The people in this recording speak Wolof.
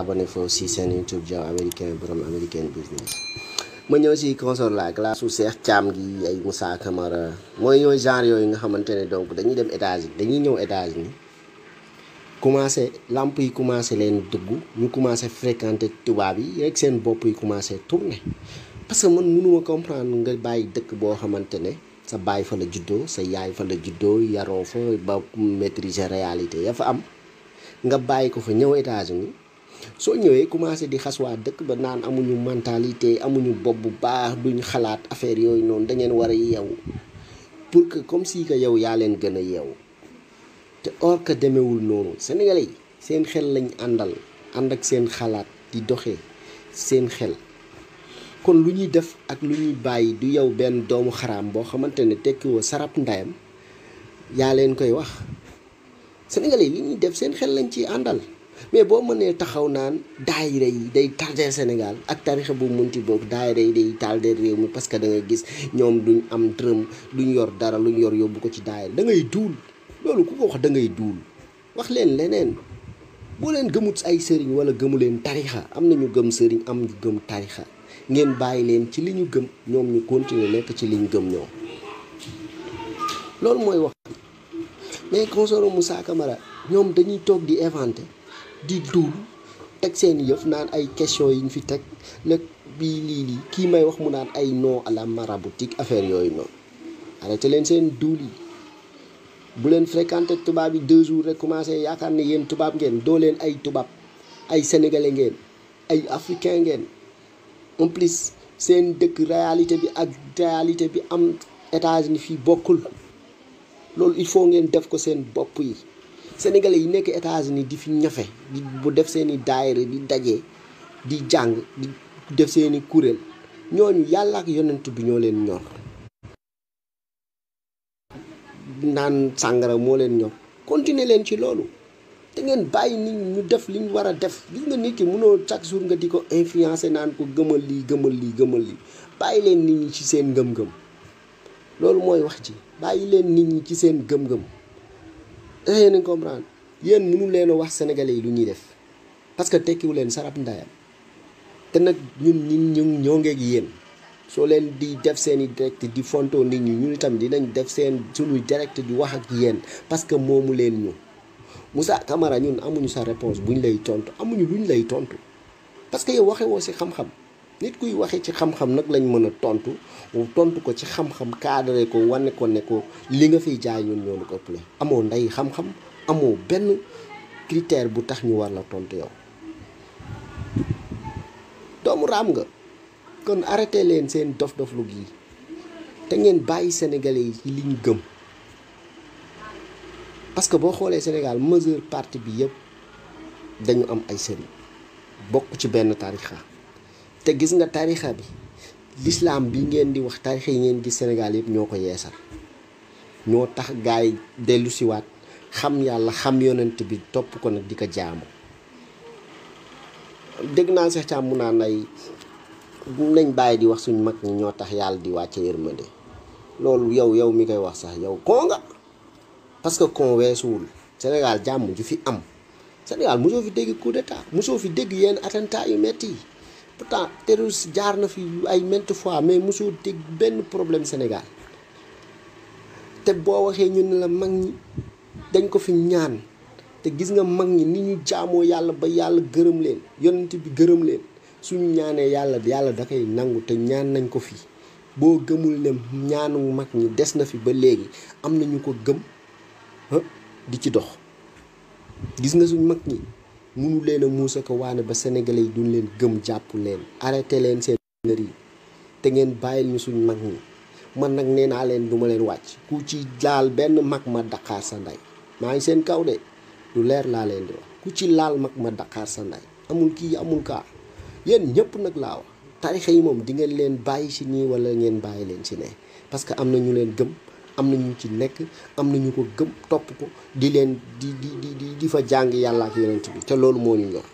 abonné foofu si seen YouTube Diaw américain borom américain business ma ñëw si console la classe Seex Caam gi ay Moussa Camara mooy ñooy genre yooyu nga xamante ne donc dañuy dem États-Unis dañuy ñëw États-Unis commencé lamp yi commencé leen dugg ñu commencé fréquenter tubaab yi rek seen bopp yi commencé tourner parce que man mënuma comprendre nga bàyyi dëkk boo xamante ne sa bàyyi fa la juddoo sa yaay fa la juddoo yaroo fa ba maîtriser réalité ya fa am nga bàyyi ko fa ñëw États-Unis soo ñëwee commencé di xas waa dëkk ba naan amuñu mentalité amuñu bopp bu baax duñu xalaat affaire yooyu noonu da ngeen war a yeewu pour que comme si ko yow yaa leen gën a yeewu te or que demewul noonu sénégalais yi seen xel lañ àndal ànd ak seen xalaat di doxee seen xel kon lu ñuy def ak lu ñuy bàyyi du yow benn doomu xaraam boo xamante ne tekkiwoo sarab ndayam yaa leen koy wax sénégalais yi def seen xel lañ ci àndal mais boo mënee taxaw naan daayira yi day tardeel Sénégal ak tarixa bu munti bokk daayira yi day tardeel réew mi parce que da gis ñoom duñ am dërëm duñ yor dara luñ yor yóbbu ko ci daayira da ngay duul loolu ku ko wax da ngay duul wax leen leneen boo leen gëmut ay sëriñ wala gëmu leen tarixa am na ñu gëm sëriñ am ñu gëm tarixa ngeen bàyyi leen ci li ñu gëm ñoom ñu continuer nekk ci li ñu gëm ñoom loolu mooy wax mais concernant Moussa Camara ñoom dañuy toog di inventé di duul teg seen yëf naan ay question yi ñu fi teg nag bii lii lii kii may wax mu naan ay noo à la maraboutique affaire yooyu noonu arrêté leen seen duul yi bu leen fréquenté tubaab yi deux jours rek commencé yaakaar ne yéen tubaab ngeen doo leen ay tubaab ay sénégalais ngeen ay africain ngeen en plus seen dëkk réalité bi ak réalité bi am États-Unis fii bokkul loolu il faut ngeen def ko seen bopp yi. sénégalais yi nek états-unis di fi ñafé di bu def seeni di dajé di jang di def seeni kurel ñoo ñu yalla ak yonent bi ñoo leen ñor nan sangara mo leen ñor continuer leen ci lolu te ngeen bayyi ni ñu def li ñu def gis nga nit ki mëno chaque jour nga di ko influencer nan ko gëmal li gëmal li gëmal li bayyi leen nit ñi ci seen gëm gëm lolu moy wax ci bayyi leen nit ñi ci seen gëm-gëm ndax yéen a comprendre yéen mënu leen a wax sénégalais yi lu ñuy def parce que tekkiwu leen sarab ndaayam te nag ñun ñun ñu ñoo ngeeg yéen soo leen di def seen i direct di fontoo nit ñi ñun itam dinañ def seen suñuy direct di wax ak yéen parce que moomu leen ñu Moussa Camara ñun amuñu sa bu buñ lay tontu amuñu luñ lay tontu parce que yow waxewoo si xam-xam. nit kuy waxee ci xam-xam nag lañ mën a tontu tontu ko ci xam-xam cadré ko wane ko ne ko li nga fiy jaay ñun ñoo la ko amoo ndey xam-xam amoo benn critère bu tax ñu war la tontu yow doomu raam nga kon arrêté leen seen dof doflu gi te ngeen bàyyi sénégalais yi liñ gëm parce que boo xoolee Sénégal majeure partie bi yëpp dañu am ay sëriñ bokk ci benn tarixa te gis nga tarixa bi lislaam bi ngeen di wax tarixa yi ngeen gis Sénégal yëpp ñoo ko yeesal ñoo tax gaay yi dellu xam yàlla xam yonent bi topp ko nag di ko jaamu dégg naa sax càmm naa nay nañ bàyyi di wax suñu mag ñi ñoo tax yàlla di wàcce yërmande loolu yow yow mi koy wax sax yow koo nga parce que kon weesuwul Sénégal jàmm ju fi am Sénégal mosoo fi dégg coup d'état mosoo fi dégg yenn attentat yu metti yi pourtant terroriste jaar na fi ay maintes fois mais mosoo dégg benn problème senegal te boo waxee ñu ne la mag ñi dañ ko fi ñaan te gis nga mag ñi ni ñu jaamoo yàlla ba yàlla gërëm leen yonent bi gërëm leen suñu ñaanee yàlla yàlla da koy nangu te ñaan nañ ko fi boo gëmul ne ñaanu mag ñi des na fi ba léegi am na ñu ko gëm di ci dox gis nga suñ mag ñi. munu leen a muusa ko waane ba sénégalais yi duñ leen gëm jàpp leen arrêté leen seen ngër yi te ngeen bàyyil ñu suñ mag ñi man nag nee naa leen du ma leen wàcc ku ci laal benn mag ma daqaar sa ndey maa ngi seen kaw de lu leer laa leen di wax ku ci laal mag ma daqaar sa ndey amul kii amul kaa yéen ñëpp nag laa wax tarixa yi moom di ngeen leen bàyyi si nii wala ngeen bàyyi leen ci ne parce que am na ñu leen gëm am na ñu ci nekk am na ñu ko gëm topp ko di leen di di di di fa jàng yàlla ak yonent bi te loolu moo ñu ñor.